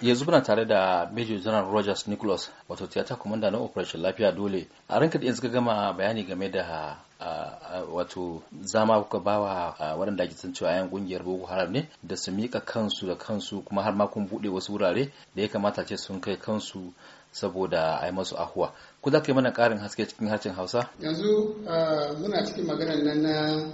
yanzu muna tare da Major General Rogers Nicholas wato tiyata kumanda na Operation Lafiya Dole. A ranka da yanzu ka gama bayani game da wato zama kuka bawa waɗanda ake san cewa 'yan kungiyar Boko Haram ne da su mika kansu da kansu kuma har ma kun buɗe wasu wurare da ya kamata ce sun kai kansu saboda a yi masu ahuwa ku za ka yi mana karin haske cikin harshen hausa yanzu ah, muna cikin maganar nan na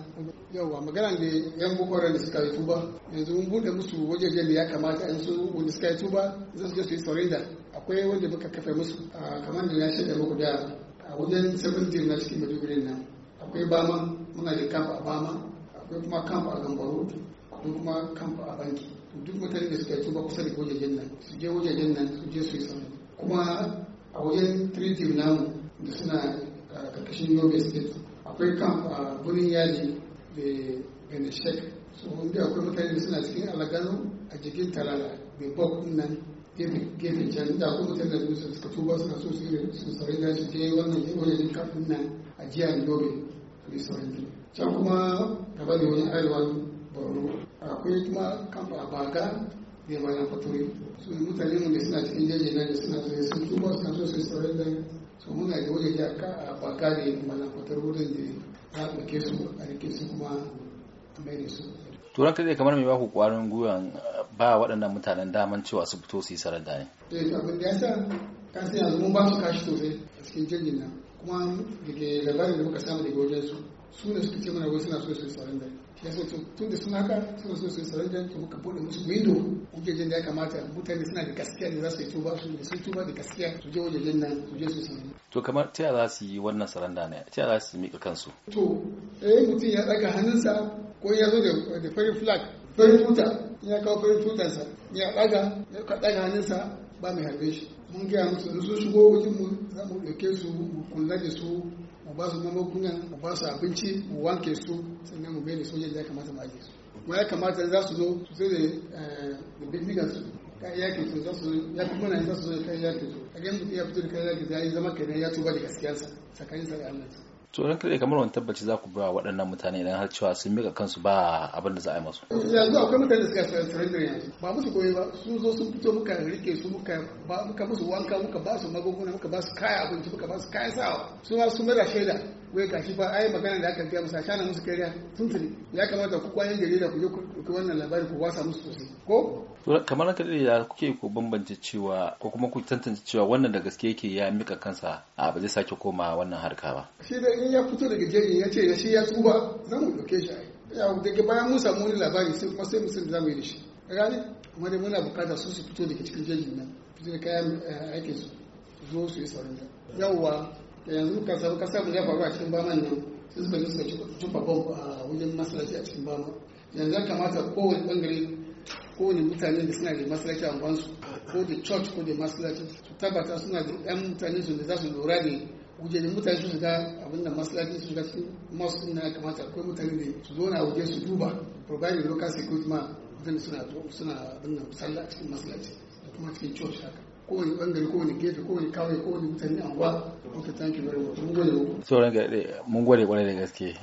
yawa maganar da yan bukoran da suka yi tuba yanzu mun bude musu wajejen da ya kamata in su wani suka yi tuba zai suke su yi surrender akwai wanda muka kafa musu ah, kamar da na shaida muku da a wajen 17 na cikin majibirin nan akwai bama muna da kamfa a bama akwai kuma kamfa a gambaru akwai kuma kamfa a banki duk mutane da suka yi tuba kusa da wajejen nan su je wajejen nan su je su yi surrender kuma a wajen tritim namu da suna karkashin yobe state akwai camp a birnin yaji da benishek so inda akwai mutane da suna cikin alagano a jikin talala mai bok nan gefe can da akwai mutane da su suka tuba suna so su yi su sarai da su je wannan wajen kafin nan a jihar yobe a bisa wani can kuma gaba da wani arewa borno akwai kuma kamfa a baga ba na fatori su mutane mu da suna cikin jeji na da suna zai sun tuba suna so su sauran da su muna da wajen ya ka ba na fatar wurin da ya ɗauke su a rike su kuma a mai da su turan kai kamar mai baku kwarin gwiwan ba waɗannan mutanen daman cewa su fito su yi da ne. eh abin da ya sa kasan yanzu mun ba su kashi sosai a cikin jirgin na kuma da ke labarin da muka samu daga wajen su su ne suka ce mana wasu na so su da ya so tun da sun haka suna so su da to muka bude musu kuke jin da ya kamata mutane suna da gaskiya da za su yi tuba su da sun tuba da gaskiya su je wajejen nan su je su saranda to kamar ta za su yi wannan da ne ta za su mika kansu to eh mutum ya daga hannunsa ko ya zo da farin flag farin tuta ya kawo farin tutansa ya daga ya daga hannunsa ba mai harbe shi mun gaya musu su shigo wajen mu za mu dauke su mu kula da su mu ba su magungunan mu ba su abinci mu wanke su sannan mu gani sojan da ya kamata mu ajiye su kuma ya kamata za su zo su zai eh, da bindigan su kayan yakin su za su ya fi mana za su zo da kayan yakin su kayan mutum ya fito da kayan yakin su ya yi zama kenan ya tuba da gaskiyarsa sa da Allah to ran kare kamar wani tabbaci za ku bawa waɗannan mutane idan har cewa sun mika kansu ba abin da za a yi masu yanzu akwai mutane da suka surrender yanzu ba musu koyi ba sun zo sun fito muka rike su muka ba muka musu wanka muka ba su magunguna muka ba su kaya abinci muka ba su kaya sawa su ma su mera shaida wai gashi ba ai magana da aka gaya musu a shana musu kariya sun tuni ya kamata ku kwayan jarida ku je ku wannan labari ku wasa musu sosai ko kamar haka da kuke ko bambance cewa ko kuma ku tantance cewa wannan da gaske yake ya mika kansa a ba zai sake koma wannan harka ba shi da in ya fito daga jeji ya ce shi ya tsuba za mu ɗauke shi ai ya daga bayan mun samu wani labari sai kuma sai musulmi za mu yi da shi gane kuma dai muna bukata su su fito daga cikin jejin nan fito da kayan eh, aikin su zo su yi sauran yawwa yanzu ka samu kasa mu ya faru a cikin bama nan sai suka je suka ci babban a wajen masalaci a cikin bama yanzu kamata kowane bangare kowane mutane da suna da masalaci a bansu ko da church ko da masalaci su tabbata suna da yan mutane su da za su lura da waje da mutane su shiga abin da masalacin su shiga cikin masu kamata akwai mutane ne su zo na waje su duba provided local security ma mutane suna suna abin sallah a cikin masalaci da kuma cikin church haka kowane bangare kowane gefe kowane kawai kowane mutane anguwa okay thank you very much mun gode mun gode kwarai da gaske